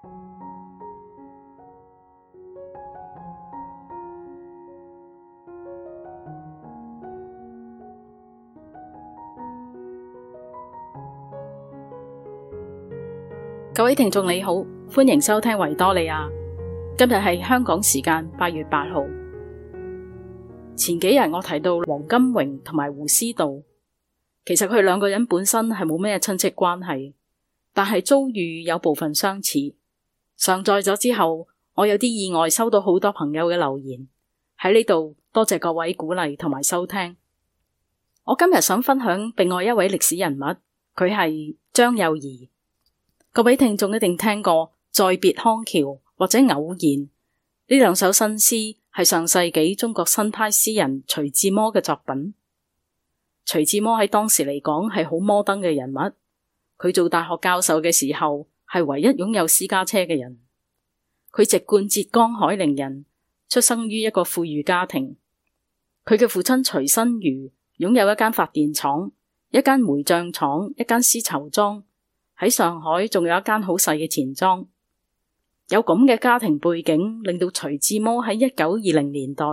.各位聽眾你好，歡迎收聽維多利亞。今日係香港時間八月八號。前幾日我提到黃金榮同埋胡思道，其實佢哋兩個人本身係冇咩親戚關係，但係遭遇有部分相似。上載咗之後，我有啲意外收到好多朋友嘅留言，喺呢度多謝各位鼓勵同埋收聽。我今日想分享另外一位歷史人物，佢係張幼儀。各位聽眾一定聽過《再別康橋》或者《偶然》呢兩首新詩，係上世紀中國新派詩人徐志摩嘅作品。徐志摩喺當時嚟講係好摩登嘅人物，佢做大學教授嘅時候。係唯一擁有私家車嘅人。佢籍貫浙江海寧人，出生於一個富裕家庭。佢嘅父親徐申如擁有一間發電廠、一間煤匠廠、一間絲綢莊，喺上海仲有一間好細嘅錢莊。有咁嘅家庭背景，令到徐志摩喺一九二零年代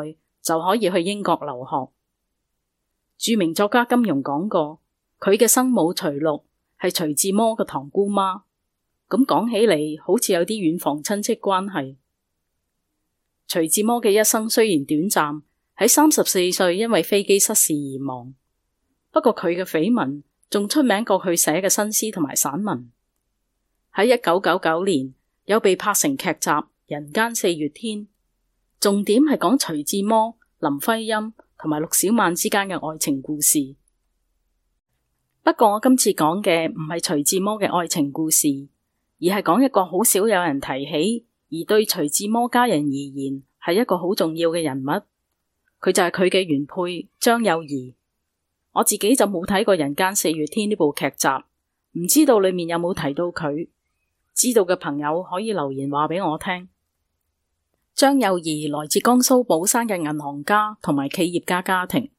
就可以去英國留學。著名作家金庸講過，佢嘅生母徐祿係徐志摩嘅堂姑媽。咁講起嚟，好似有啲遠房親戚關係。徐志摩嘅一生雖然短暫，喺三十四歲因為飛機失事而亡。不過佢嘅緋聞仲出名過佢寫嘅新詩同埋散文。喺一九九九年有被拍成劇集《人間四月天》，重點係講徐志摩、林徽音同埋陸小曼之間嘅愛情故事。不過我今次講嘅唔係徐志摩嘅愛情故事。而係講一個好少有人提起，而對徐志摩家人而言，係一個好重要嘅人物。佢就係佢嘅原配張幼儀。我自己就冇睇過《人間四月天》呢部劇集，唔知道裏面有冇提到佢。知道嘅朋友可以留言話俾我聽。張幼儀來自江蘇寶山嘅銀行家同埋企業家家、家庭，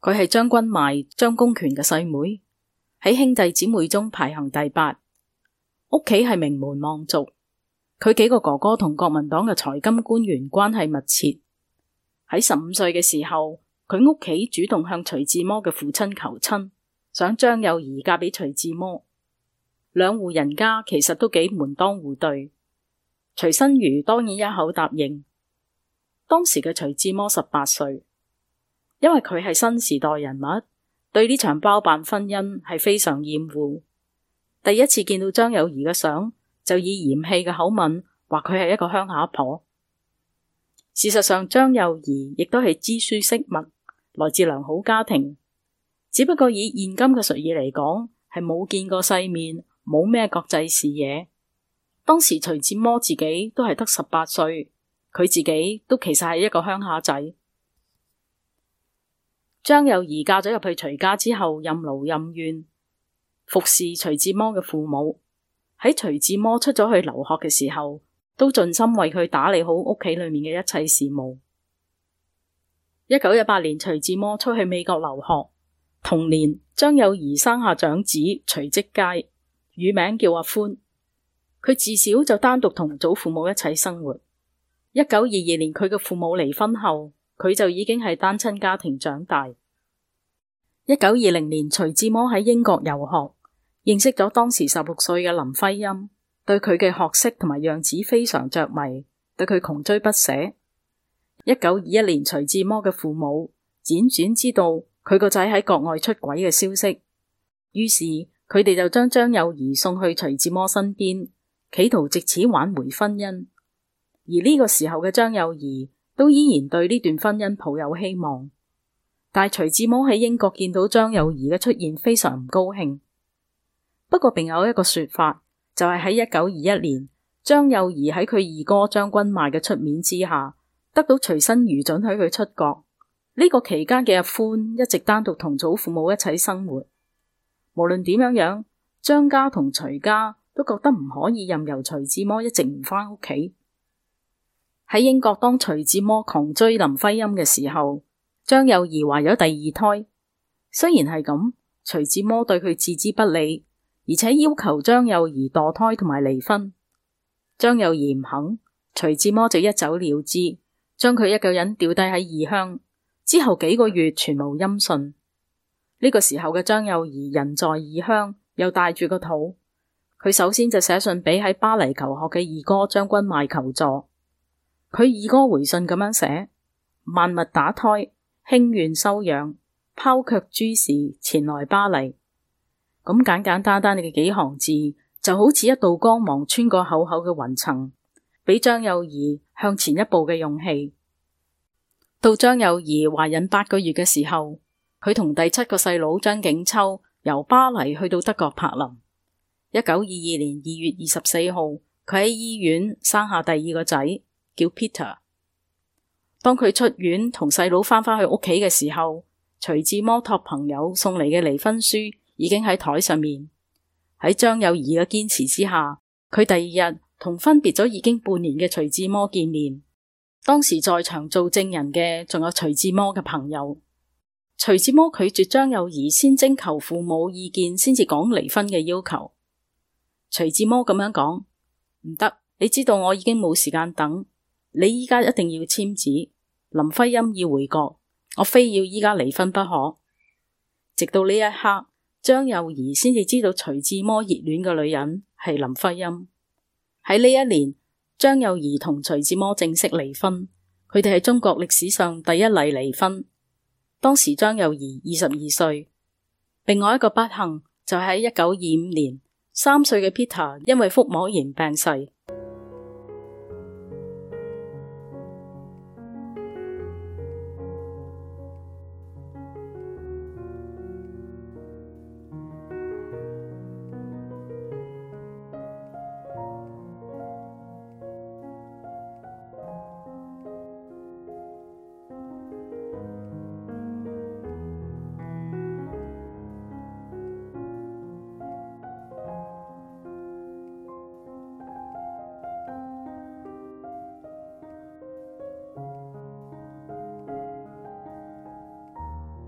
佢係張君邁、張公權嘅細妹、妹，喺兄弟姊妹中排行第八。屋企係名門望族，佢幾個哥哥同國民黨嘅財金官員關係密切。喺十五歲嘅時候，佢屋企主動向徐志摩嘅父親求親，想將幼儀嫁俾徐志摩。兩戶人家其實都幾門當戶對，徐申如當然一口答應。當時嘅徐志摩十八歲，因為佢係新時代人物，對呢場包辦婚姻係非常厭惡。第一次見到張幼儀嘅相，就以嫌棄嘅口吻話佢係一個鄉下婆。事實上，張幼儀亦都係知書識物，來自良好家庭。只不過以現今嘅術語嚟講，係冇見過世面，冇咩國際視野。當時徐志摩自己都係得十八歲，佢自己都其實係一個鄉下仔。張幼儀嫁咗入去徐家之後，任勞任怨。服侍徐志摩嘅父母，喺徐志摩出咗去留學嘅時候，都盡心為佢打理好屋企裏面嘅一切事務。一九一八年，徐志摩出去美國留學，同年張幼儀生下長子徐積佳，乳名叫阿歡。佢自小就單獨同祖父母一齊生活。一九二二年，佢嘅父母離婚後，佢就已經係單親家庭長大。一九二零年，徐志摩喺英國遊學。認識咗當時十六歲嘅林徽因，對佢嘅學識同埋樣子非常着迷，對佢窮追不捨。一九二一年，徐志摩嘅父母輾轉知道佢個仔喺國外出軌嘅消息，於是佢哋就將張幼儀送去徐志摩身邊，企圖借此挽回婚姻。而呢個時候嘅張幼儀都依然對呢段婚姻抱有希望，但徐志摩喺英國見到張幼儀嘅出現，非常唔高興。不過並有一個說法，就係喺一九二一年，張幼儀喺佢二哥張君勱嘅出面之下，得到徐申如准許佢出國。呢、這個期間嘅阿歡一直單獨同祖父母一齊生活。無論點樣樣，張家同徐家都覺得唔可以任由徐志摩一直唔返屋企。喺英國當徐志摩狂追林徽音嘅時候，張幼儀懷有第二胎。雖然係咁，徐志摩對佢置之不理。而且要求張幼儀墮胎同埋離婚，張幼儀唔肯，徐志摩就一走了之，將佢一個人掉低喺異鄉。之後幾個月全無音訊。呢、這個時候嘅張幼儀人在異鄉，又帶住個肚，佢首先就寫信俾喺巴黎求學嘅二哥張君勱求助。佢二哥回信咁樣寫：萬勿打胎，兄願收養，拋卻諸事，前來巴黎。咁簡簡單單嘅幾行字，就好似一道光芒穿過厚厚嘅雲層，俾張幼儀向前一步嘅勇氣。到張幼儀懷孕八個月嘅時候，佢同第七個細佬張景秋由巴黎去到德國柏林。一九二二年二月二十四號，佢喺醫院生下第二個仔，叫 Peter。當佢出院同細佬翻返去屋企嘅時候，徐志摩託朋友送嚟嘅離婚書已經喺台上面，喺張幼儀嘅堅持之下，佢第二日同分別咗已經半年嘅徐志摩見面。當時在場做證人嘅仲有徐志摩嘅朋友。徐志摩拒絕張幼儀先徵求父母意見先至講離婚嘅要求。徐志摩咁樣講，唔得，你知道我已經冇時間等你，依家一定要簽字。林徽因要回國，我非要依家離婚不可。直到呢一刻。張幼儀先至知道徐志摩熱戀嘅女人係林徽因。喺呢一年，張幼儀同徐志摩正式離婚，佢哋係中國歷史上第一例離婚。當時張幼儀二十二歲。另外一個不幸就喺一九二五年，三歲嘅 Peter 因為腹膜炎病逝。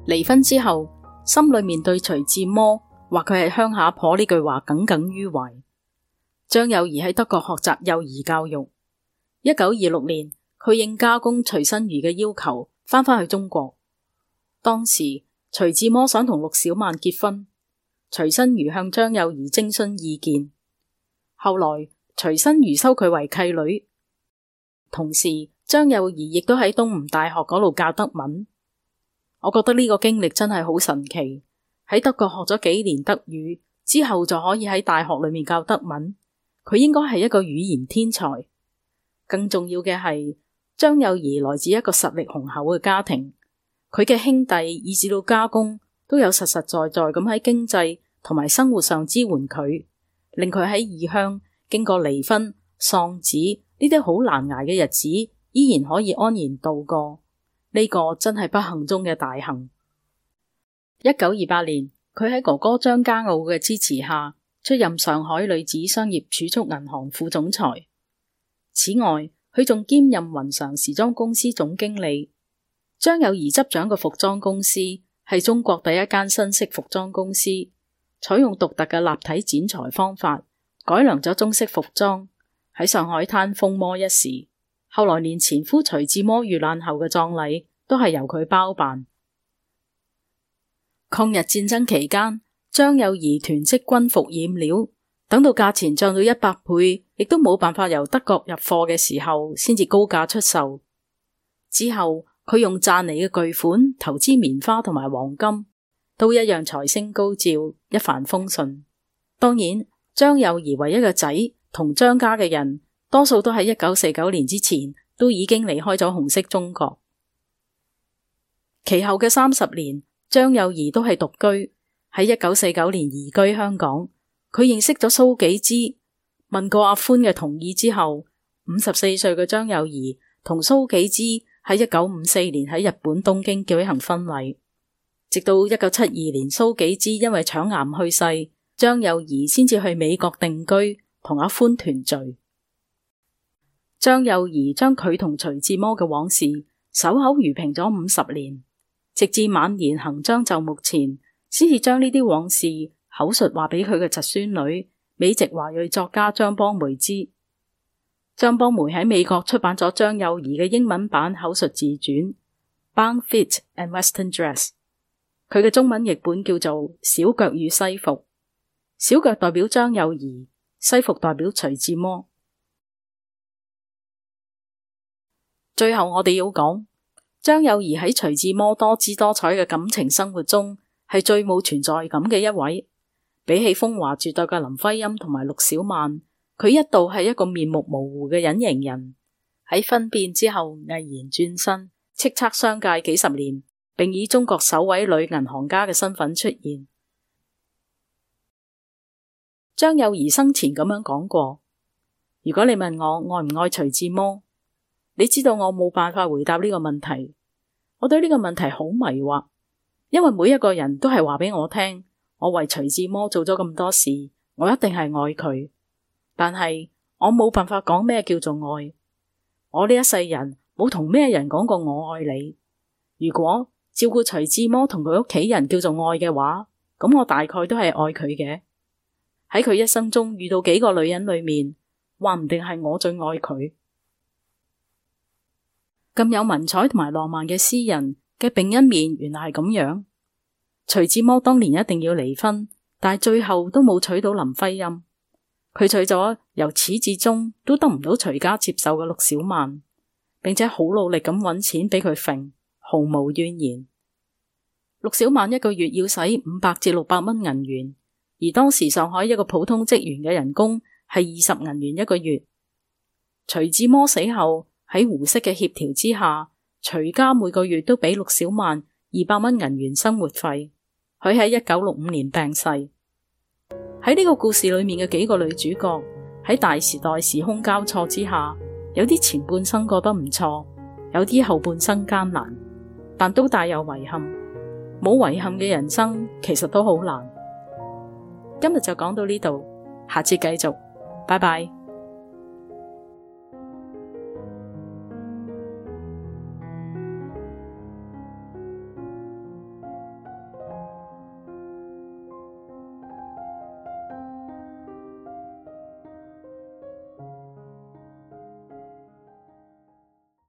離婚之後，心裏面對徐志摩話佢係鄉下婆呢句話耿耿於懷。張幼儀喺德國學習幼兒教育。一九二六年，佢應家公徐新愚嘅要求，返返去中國。當時徐志摩想同陸小曼結婚，徐新愚向張幼儀徵詢意見。後來徐新愚收佢為契女，同時張幼儀亦都喺東吳大學嗰度教德文。我覺得呢個經歷真係好神奇。喺德國學咗幾年德語之後，就可以喺大學裏面教德文。佢應該係一個語言天才。更重要嘅係，張幼儀來自一個實力雄厚嘅家庭。佢嘅兄弟以至到家公都有實實在在咁喺經濟同埋生活上支援佢，令佢喺異鄉經過離婚、喪子呢啲好難捱嘅日子，依然可以安然度過。呢個真係不幸中嘅大幸。一九二八年，佢喺哥哥張嘉璈嘅支持下，出任上海女子商業儲蓄銀行副總裁。此外，佢仲兼任雲裳時裝公司總經理。張幼儀執掌嘅服裝公司係中國第一間新式服裝公司，採用獨特嘅立體剪裁方法，改良咗中式服裝，喺上海灘風靡一時。後來連前夫徐志摩遇難後嘅葬禮都係由佢包辦。抗日戰爭期間，張幼儀囤積軍服染料，等到價錢漲到一百倍，亦都冇辦法由德國入貨嘅時候，先至高價出售。之後佢用賺嚟嘅巨款投資棉花同埋黃金，都一樣財星高照，一帆風順。當然，張幼儀唯一個仔同張家嘅人，多數都喺一九四九年之前都已經離開咗紅色中國。其後嘅三十年，張幼儀都係獨居。喺一九四九年移居香港，佢認識咗蘇紀之，問過阿歡嘅同意之後，五十四歲嘅張幼儀同蘇紀之喺一九五四年喺日本東京舉行婚禮。直到一九七二年，蘇紀之因為腸癌去世，張幼儀先至去美國定居，同阿歡團聚。張幼儀將佢同徐志摩嘅往事守口如瓶咗五十年，直至晚年行將就木前，先至將呢啲往事口述話俾佢嘅侄孫女、美籍華裔作家張邦梅知。張邦梅喺美國出版咗張幼儀嘅英文版口述自傳《Bound Feet and Western Dress》，佢嘅中文譯本叫做《小腳與西服》，小腳代表張幼儀，西服代表徐志摩。最後我，我哋要講張幼儀喺徐志摩多姿多彩嘅感情生活中，係最冇存在感嘅一位。比起風華絕代嘅林徽因同埋陸小曼，佢一度係一個面目模糊嘅隱形人。喺婚變之後，毅然轉身，叱咤商界幾十年，並以中國首位女銀行家嘅身份出現。張幼儀生前咁樣講過：如果你問我愛唔愛徐志摩？你知道我冇辦法回答呢個問題，我對呢個問題好迷惑，因為每一個人都係話俾我聽，我為徐志摩做咗咁多事，我一定係愛佢。但係我冇辦法講咩叫做愛。我呢一世人冇同咩人講過我愛你。如果照顧徐志摩同佢屋企人叫做愛嘅話，咁我大概都係愛佢嘅。喺佢一生中遇到幾個女人裏面，話唔定係我最愛佢。咁有文采同埋浪漫嘅詩人嘅另一面，原來係咁樣。徐志摩當年一定要離婚，但係最後都冇娶到林徽因。佢娶咗，由始至終都得唔到徐家接受嘅陸小曼，並且好努力咁揾錢俾佢揈，毫無怨言。陸小曼一個月要使五百至六百蚊銀元，而當時上海一個普通職員嘅人工係二十銀元一個月。徐志摩死後。喺胡適嘅協調之下，徐家每個月都俾陸小曼二百蚊銀元生活費。佢喺一九六五年病逝。喺呢個故事裏面嘅幾個女主角，喺大時代時空交錯之下，有啲前半生過得唔錯，有啲後半生艱難，但都帶有遺憾。冇遺憾嘅人生其實都好難。今日就講到呢度，下次繼續，拜拜。